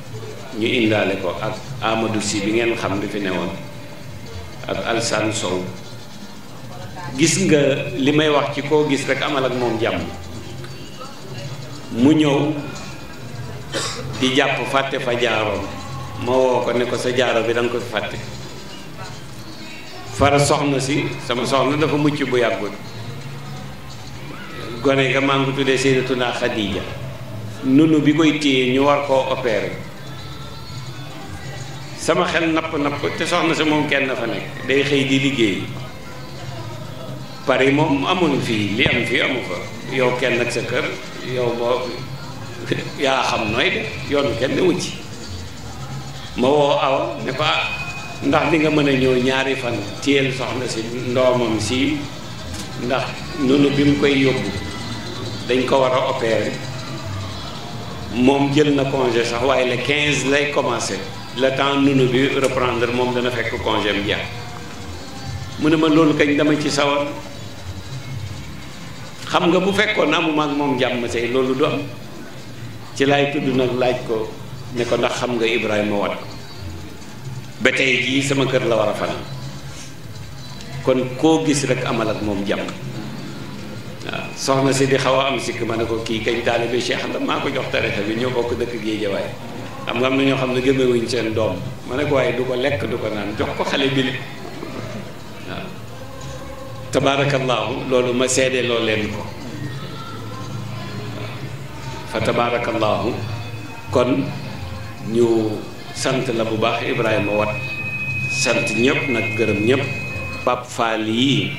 ñu indaale ko ak Amadou Sy bi ngeen xam bi fi woon ak Alsane Sow gis nga li may wax ci koo gis rek amal ak moom jàmm mu ñëw di jàpp fàtte fa jaaroom ma woo ko ne ko sa jaaro bi da nga ko fàtte far soxna si sama soxna dafa mucc bu yàggul gone ga maa ngi tuddee Seydatuna Xadiija nunu bi koy téye ñu war koo opéré sama xel napp napp te soxna sa moom kenn fa nekk day xëy di liggéey Paris moom amul fii li am fii amu fa yow kenn ak sa kër yow boo yaa xam nooy de yoonu kenn wu ci ma woo aw ne ko ah, ndax di nga mën a ñëw ñaari fan téyel soxna si ndoomam si ndax nunu bi mu koy yóbbu dañ ko war a opérer moom jël na congé sax waaye le 15 lay commencer. le temps nunu bi reprendre moom dana fekk congé am jeex mu ne ma loolu kañ dama ci sawar xam nga bu fekkoon amuma ak moom jàmm say loolu du am ci laay tudd nag laaj ko ne ko ndax xam nga Ibrahima Wade ba tey jii sama kër la war a fanaan kon koo gis rek amal ak moom jàmm waaw soxna si di xaw a am sikk ma ne ko kii kañ taalibe Cheikh la maa ko jox tarixa bi ñoo bokk dëkk Géejawaay xam nga am na ñoo xam ne gëmewuñ seen doom ma ne ko waaye du ko lekk du ko naan jox ko xale bi nit waaw loolu ma seede lool leen ko fa tabaarakallaahu kon ñu sant la bu baax Ibrahima Wat sant ñëpp nag gërëm ñëpp Pape Fall yii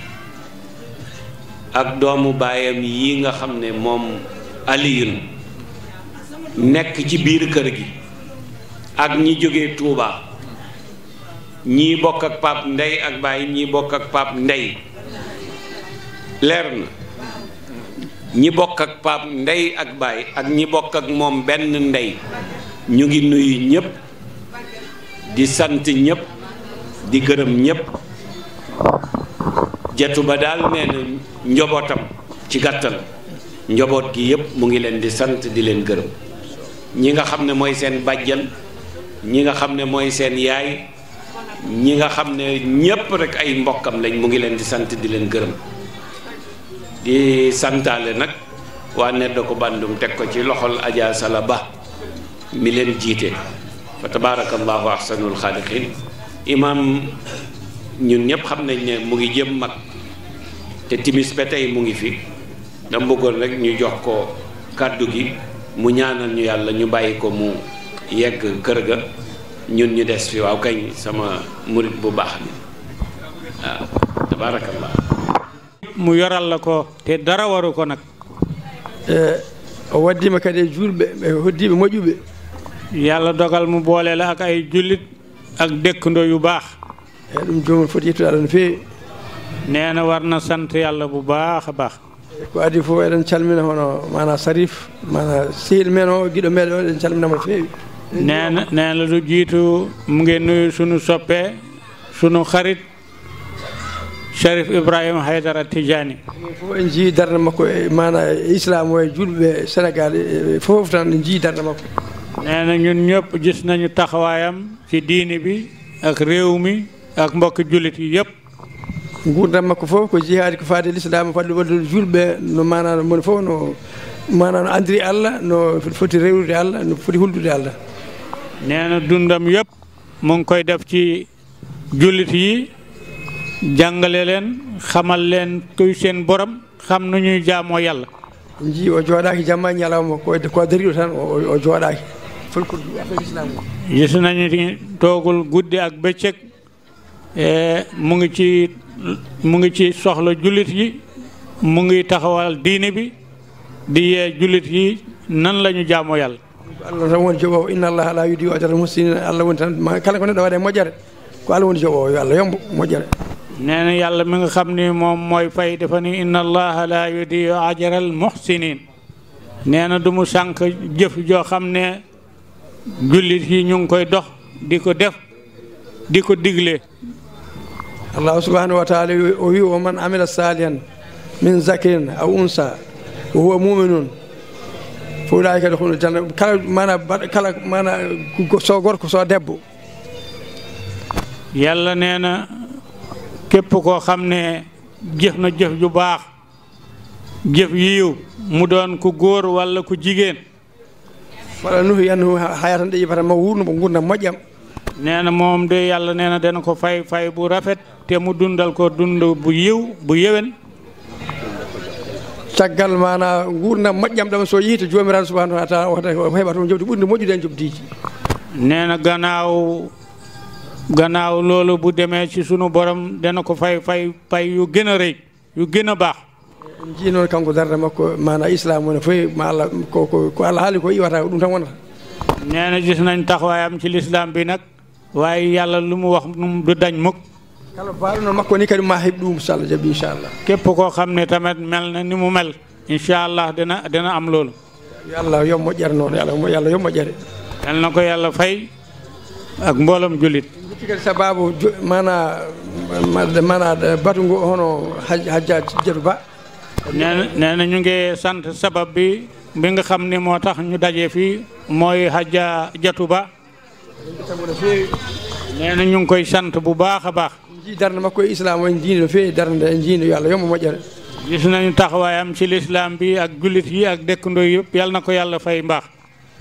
ak doomu baayam yi nga xam ne moom Aliyun nekk ci biir kër gi ak ñi jóge tuuba ñii bokk ak Pape Ndey ak Baye ñii bokk ak Pape Ndey leer na ñi bokk ak Pape Ndey ak Baye ak ñi bokk ak moom benn ndey ñu ngi nuyu ñépp di sant ñépp di gërëm ñépp jatu ba daal nee njobootam ci gàttal njoboot gi yëpp mu ngi leen di sant di leen gërëm ñi nga xam ne mooy seen bàjjan ñi nga xam ne mooy seen yaay ñi nga xam ne ñépp rek ay mbokkam lañ mu ngi leen di sant di leen gërëm di santaale nag waa Nedda ko Bandum teg ko ci loxol Adja Sala Ba mi leen jiite fa tabaarakallaahu ahsanul xaaliqiin imaam ñun ñëpp xam nañ ne mu ngi jëm mag te timis ba tey mu ngi fi da bëggoon rek ñu jox ko kàddu gi mu ñaanal ñu yàlla ñu bàyyi ko mu yegg kër ga ñun ñu des fi waaw kañ sama murit bu baax bi waaw tabaarakallah mu yoral la ko te dara waru ko nag o eh, waddima kadi e julɓe e hoddiɓe moƴuɓe yàlla dogal mu boole la ak ay jullit ak dëkkandoo yu baax eyi eh, ɗum joomum foti yettude aɗa no feewi nee na war na sant yàlla bu baax a baax eh, ko adi fof eɗen calmina hono mana sarif mana sehil men o giɗo meɗen o eɗen calminamo no feewi nee na jiitu mu ngi nuyu sunu soppe sunu xarit Cherif Ibrahima Haydara Tidiane fof en jii darde makko e maana islam o e julɓe sénégal e, e, fof tan en jii darde makko nee ñun ñëpp gis nañu taxawaayam ci diini bi ak réew mi ak mbokki jullit yi yëpp nguurdam makko fof ko jihaadi ko faade l'islam fadde wallude julɓe no maana moni fof no maana andiri allah no foti rewrude allah no foti huldude allah nee na dundam yëpp mu ngi koy def ci jullit yi jàngale leen xamal leen kuy seen borom xam nañuy ñuy jaamoo yàlla ji o jooɗaaki nañu toogul guddi ak bëccëg e, mu ngi ci mu ngi ci soxla jullit yi mu ngi taxawal diine bi di yee jullit yi nan la ñu jaamoo yàlla allah tan woni jooɓowo inna allaha la allah woni tan kala ko neɗɗo waɗe moƴƴere ko allah woni jooɓowo yo allah yombo moƴƴere nee na yàlla mi nga xam ni moom mooy fay dafa ni inna allaha la yudiu muhsinin nee na du mu sànq jëf joo xam ne jullit yi ñu ngi koy dox di ko def di ko digle allahu subhanahu wa taala o wi man amila salihan min zakirin aw unsa wa huwa muminun fo ulaayi kadi humno janna kala kala mana so gorko so debbo yàlla nee na képp koo xam ne jëf na jëf ju baax jëf yiw mu doon ku góor walla ku jigéen walla nuhi yanhu haya tan ɗe yibata ma wurno mo gurdam moƴƴam nee na moom de yàlla nee na dana ko fay fay bu rafet te mu dundal ko dund bu yiw bu yewen caggal mana gurdam moƴƴam ɗam so yiita jomiraɗo subahanahu wa taala wata heɓa toon jomdi ɓurdi moƴƴude en jomdiji nena ganaw gannaaw loolu bu demee ci sunu borom dana ko fay fay fay yu gën a rëy yu gën a baax en jii noon kanko darda makko maanaam islam wona foyi ma allah ko ko allah haali ko iwata ɗum tan wonata nee na gis nañ taxawaayam ci l'islam bi nag waaye yàlla lu mu wax du dañ mukk kala baaluno makko ni kadi ma heɓ ɗum so allah képp koo xam ne tamit mel na ni mu mel inchallah dina dina am loolu yo allah yo yàlla yo moƴƴere yal na ko yàlla fay mbooloom jullit gutti ba nee ñu ngi sant sabab bi bi xam ne moo tax ñu daje fii mooy hajja jatu ba nee na baax a baax darnde makko e islam o en jiini no feewi darnde en jiino yo allah yomba moƴƴere gis nañu taxawaayam ci l'islam bi ak jullit yi ak dëkkandoo yëpp yal na ko yàlla fay mbaax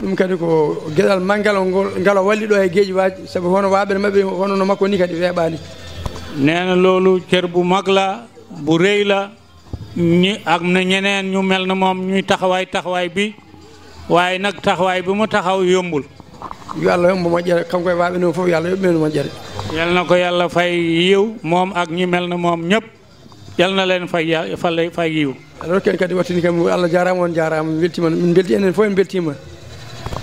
ɗum ko geɗal manggal ngol ngal o walli ɗo e ni kadi weeɓaani nee na loolu cër bu mag la bu rëy la ñi am na ñeneen ñu mel na moom ñuy taxawaay taxawaay bi waaye nag taxawaay bi mu taxaw yombul yo allah yombuma jere kanko e waaɓe noon fof yo allah yoɓɓinanuma jere yal na ko yàlla fay yiw moom ak ñi mel na moom ñëpp yal na leen fay fay fay yiw alors ken kadi wattini kam allah jaarama on jaarama mi weltima min belti enen fof en beltima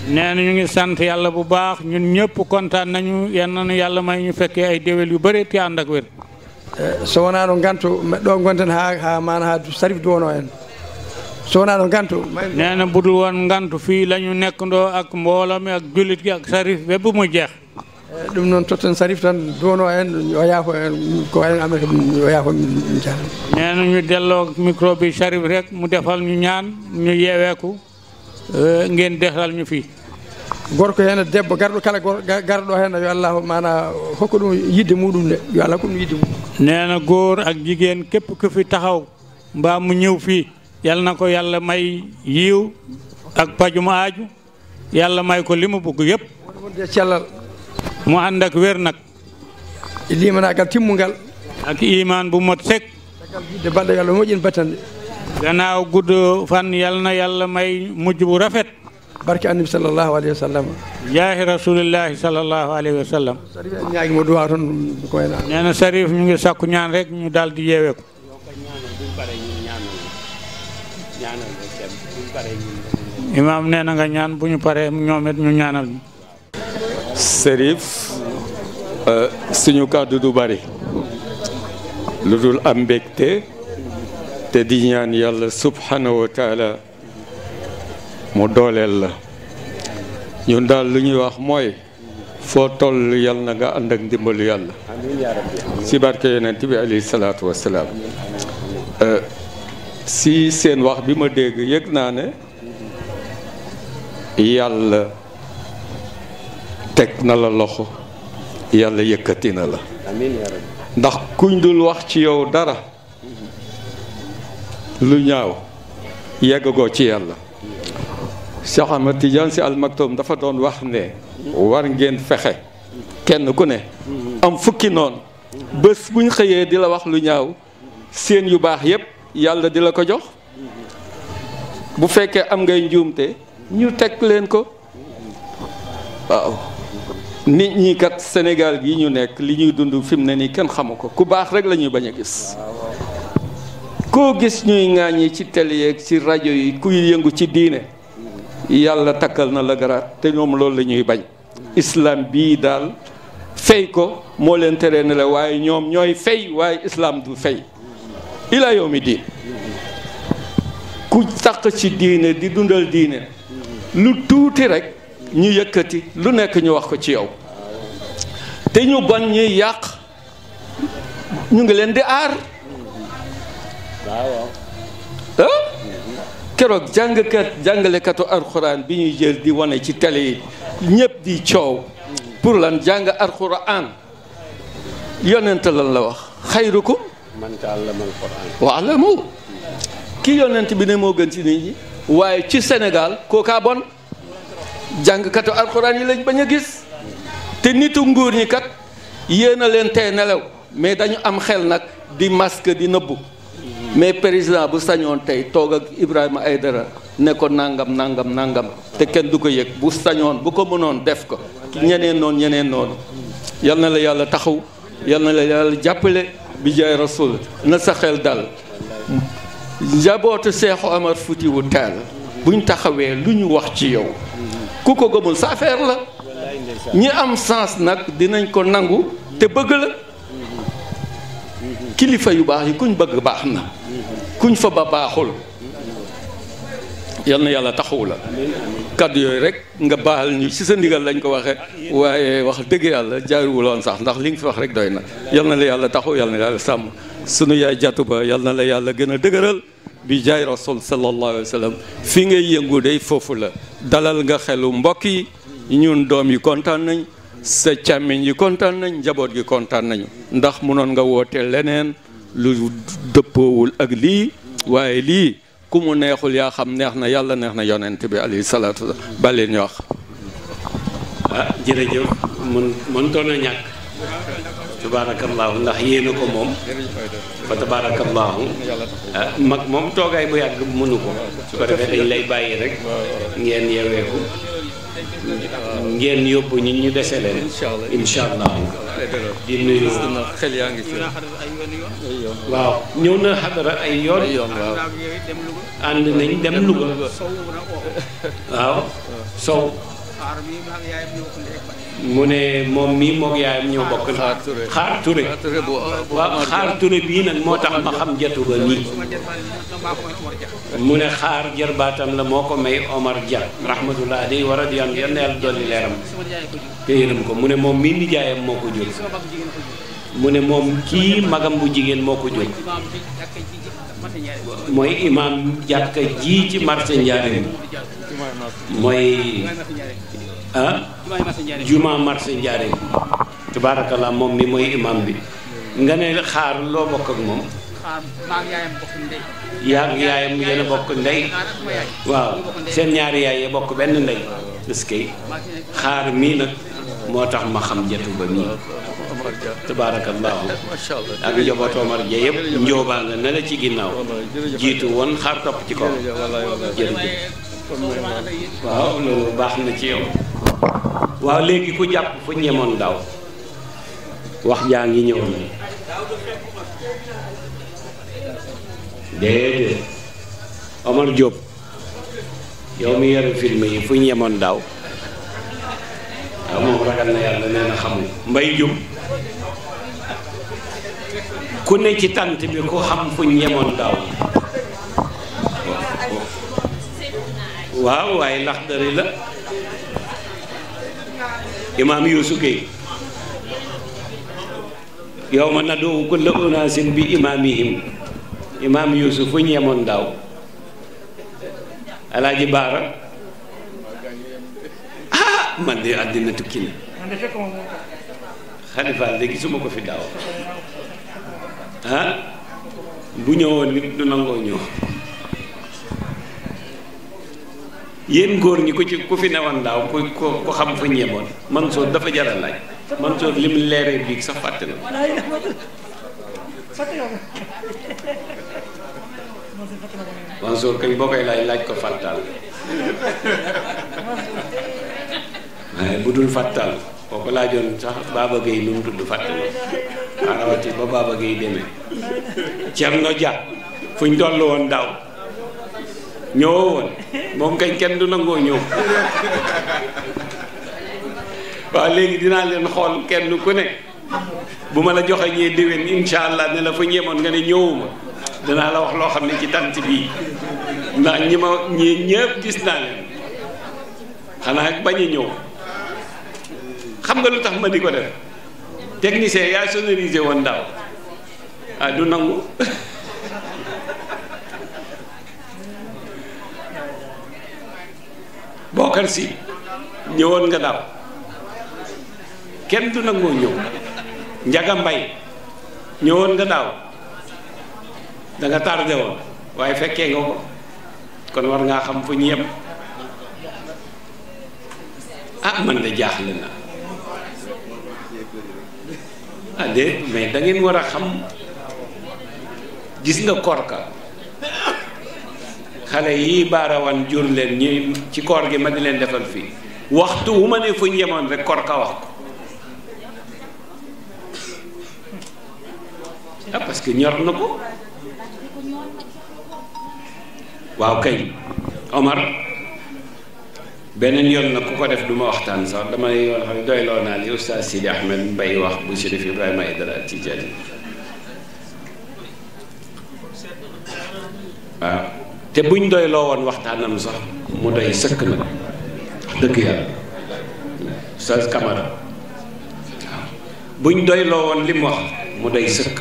nee ñu ngi sant yàlla bu baax ñun ñëpp kontaan nañu yan nanu yàlla may ñu fekkee ay déwél yu bëri te ànd ak wér eh, so wonaa no ngantu ɗo gonten ha ha mana ha sarif duwono en so wonaa ɗon ngantu nee budul woon ngantu fii la ñu nekkandoo ak mbooloo mi ak jullit gi ak sarif bépp mu jeex ɗum noon totten sarif tan doono en ñu delloo micro bi rek mu defal ñu ñaan ñu yeeweeku e, ngeen defal ñu fii gorko heen debbo garɗo kala garɗo heen yo allah mana hokku ɗum yidde muɗum nde góor ak jigéen képp ku fi taxaw mbaa mu ñëw fii yal na ko yàlla may yiiw ak pajum aaju yàlla may ko li mu bugg yëpp mu ànd ak wér nag limanaagal timmungal ak iman bu mot sek de yàlla moƴƴin gudd fan yal na yàlla may mujj bu rafet barke annabi sallallahu alayhi wa sallam jaahi rasulillahi ngi sakku ñaan rek ñu daal di yeewee ko imaam nee na nga ñaan bu ñu paree ñoom it ñu ñaanal ñu. Serif euh, suñu kàddu du bari lu dul am mbégte te di ñaan yàlla subhanahu wa mu dooleel la ñun daal lu ñuy wax mooy foo toll yàlla na nga ànd ak ndimbalu yàlla ci barke yonent bi alayhi salaatu wa si seen wax bi ma dégg yëg naa ne yàlla teg na la loxo yàlla yëkkati na la ndax kuñ dul wax ci yow dara lu ñaaw yegg yeggagoo ci yàlla Cheikh Ahmed Tidiane si almaktoum dafa doon wax ne war ngeen fexe kenn ku ne am fukki noonu bés buñ xëyee di la wax lu ñaaw seen yu baax yépp yàlla di la ko jox bu fekkee am ngay njuumte ñu teg leen ko waaw nit ñi kat Sénégal gi ñu nekk li ñuy dund fi mu ne nii kenn xamu ko ku baax rek lañuy bañ a gis koo gis ñuy ŋàññi ci télé yeeg ci rajo yi kuy yëngu ci diine yàlla takkal na la garaat te ñoom loolu la ñuy bañ islam bii daal fay ko moo leen tere ne waaye ñoom ñooy fay waaye islam bu fay ila mi diin ku saq ci diine di dundal diine lu tuuti rekk ñu yëkkati lu nekk ñu wax ko ci yow te ñu bon ñuy yàq ñu ngi leen di aar keroog jàngkat jàngalekatu alxuraan bi ñuy jël di wane ci télé yi ñëpp di coow pour lan jàng alxuraan yonent lan la wax xayru ko man ta'allama al-Qur'an wa 'allamahu ki yonent bi ne moo gën si nit ñi waaye ci Sénégal kookaa bon jàngkatu alxuraan yi lañ bañ a gis te nitu nguur ñi kat yéen a leen tee nelaw mais dañu am xel nag di masque di nëbbu mais président bu sañoon tey toog ak Ibrahima Aïdara ne ko nangam nangam nangam te kenn du ko yëg bu sañoon bu ko mënoon def ko ñeneen noonu ñeneen noonu yal na la yàlla taxaw yal na la yàlla jàppale bi jaay rasul na sa xel dal njabootu seexu Amar Fuuti wu buñ taxawee lu ñu wax ci yow ku ko gëmul sa affaire la ñi am sens nag dinañ ko nangu te bëgg la kilifa yu baax yi kuñ bëgg baax na kuñ fa ba baaxul yal na yàlla taxawu la kàddu yooyu rek nga baal ñu ci sa ndigal lañ ko waxee waaye wax dëgg yàlla jaaruwuloon sax ndax li nga fi wax rek doy na yal na la yàlla taxaw yal na yàlla sàmm sunu yaay jàttu ba na la yàlla gën a dëgëral bi jaay rasul sallallahu alayhi wa sallam ngay yëngu day foofu la dalal nga xelu mbokk yi ñun doom yi kontaan nañ sa càmmiñ yi kontaan nañ njaboot gi kontaan nañu ndax munoon nga woote leneen lu dëppoowul ak lii waaye lii ku mu neexul yaa xam neex na yàlla neex na yonent bi alayhi salaatu wa salaam bàyyi leen ñu wax. ah jërëjëf mën mënutoon a ñàkk. tabaarakallaahu ndax yéen a ko moom. fa tabaarakallaahu ah, mag moom toogaay bu yàgg mënu ko. su ko defee dañ lay bàyyi rek. ngeen yeewee ngeen yóbbu ñi ñu dese leen. incha allah di nuyu. xel yaa ngi ñëw na xadara ay yoon. waaw ànd nañ dem Louga. waaw sow. mu ne moom mii moog yaayam ñoo bokk na xaar ture waaw xaar ture bii nag moo tax ma xam jatu ba nii mu ne xaar jarbaatam la moo ko may Omar Dia rahmatullah alayhi wa radiyallahu yal na yàlla dolli leeram te yërëm ko mu ne moom mii nijaayam moo ko jur mu ne moom kii magam bu jigéen moo ko jur mooy imaam jàkka ji ci marché Njaaréem mooy ah jumaa marché Njaareem tabaarakallaa moom mi mooy imam bi nga ne xaar loo bokk ak moom yaa ngi yaayam yéen bokk ndey waaw seen ñaari yaay yee bokk benn ndey est-ce que xaar mii nag moo tax ma xam jatu ba mii tabaarakallaahu ak njaboot Omar Dia yëpp njóobaa nga ne la ci ginnaaw jiitu woon xaar topp ci kaw jërëjëf waaw loolu baax na ci yow waaw léegi ku jàpp fu ñemoon daaw wax jaa ngi ñëw na déedéet Omar Diop yow mi yore film yi fu ñemoon daaw waaw moom ragal na yàlla nee xamul mbay jub ku ne ci tànt bi ku xam fu ñemoon daaw waaw waaye laxdari la imaam Yuusu Géey yow ma nadoo kulla unaasin bi imaamihim imaam Yuusu fu ñu daaw alaaji baara ah man de àddina tukki na xalifaal de gisuma ko fi daaw ah bu ñëwoon nit du nangoo ñëw yéen góor ñi ko ci ku fi newoon daaw ku ku xam fu ñeemoon Mansour dafa jaral laaj Mansour lim leeree biig sax fàtte na Mansour kañ boo koy laaj laaj ko fàttal waaye bu dul fàttal boo ko laajoon sax Baba Gueye lu mu tudd fàtte na nga rawati ba Baba Gueye demee Cerno Ja fuñ toll woon daaw ñëwoo woon moom kañ kenn du nangoo ñëw waaw léegi dinaa leen xool kenn ku nekk bu ma la joxe ñee déwén incha allah ne la fa ñeemoon nga ne ñëwuma danaa la wax loo xam ne ci tant bii ndax ñi ma ñi ñëpp gis naa leen xanaa ak bañ a ñëw xam nga lu tax ma di ko def technicien yaa sonorisé woon daaw ah du nangu bookar si ñëwoon nga daaw kenn du nangoo ñëw njaga mbay ñëwoon nga daaw danga nga tardé woon waaye fekkee nga ko kon war ngaa xam fu ñu yem ah man de jaaxle na ah déet mais da ngeen war a xam gis nga koor ka xale yi baarawan jur leen ñi ci koor gi ma di leen defal fii waxtu wu ma ne fuñ yemoon rek koor ka wax ko ah parce que ñor na ko waaw kay Omar beneen yoon na ku ko def du ma waxtaan sax damay yoon xam doy naa li oustaz Sidi Ahmed Mbaye wax bu Chérif Ibrahima Aïdara Tidiane waaw ah. te buñ doy loo woon waxtaanam sax mu doy sëkk nag dëgg yàlla sa kamara waaw buñ doy woon lim wax mu doy sëkk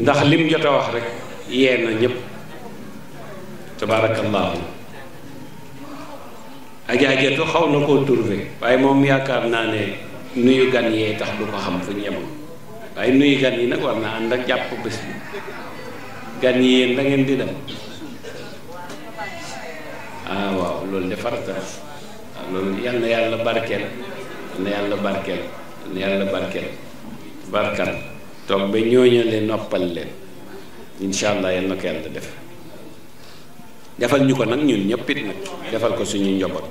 ndax lim jot a wax rek yee na ñépp tabaarakallaahu ajaajatu xaw na koo trouvé waaye moom yaakaar naa ne nuyu gan yee tax du ko xam fu ñu waaye nuyu gan yi nag war na ànd ak jàpp bés bi gan yi yéen da di dem ah waaw loolu de farata waaw ah, loolu yal na yàlla barkeel yal na yàlla barkeel yàlla barkeel barkal toog ba ñooñale noppal leen incha allah yal ko yàlla def defal ñu ko nag ñun ñëpp it nag defal ko suñu njaboot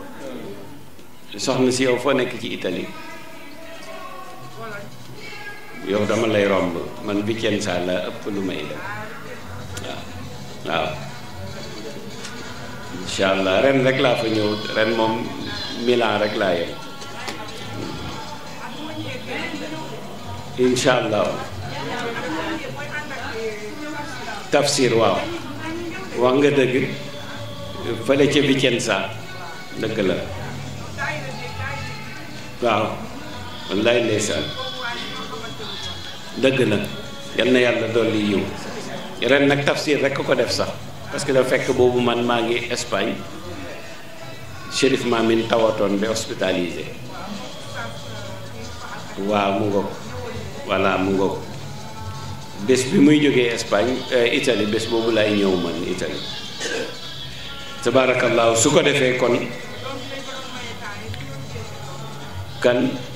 soxna si yow foo nekk ci Italie yow dama lay romb man Vicenza la ëpp lu may dem. waaw incha allah ren rek laa fa ñëw ren moom Milan rek laa yem incha allah tafsir waaw wax nga dëgg fële ca Vicenza dëgg la waaw wallaay ndeysaan dëgg la yal na yàlla dool yiw ren nag tafsir rek a ko def sax parce que dafa fekk boobu man maa ngi Espagne Chérif Mamine tawatoon ba hospitalisé waaw mu ngoog voilà mu ngoog bés bi muy jógee Espagne euh, itali bés boobu laay ñëw man Italie tabaarakallaahu su ko defee kon kan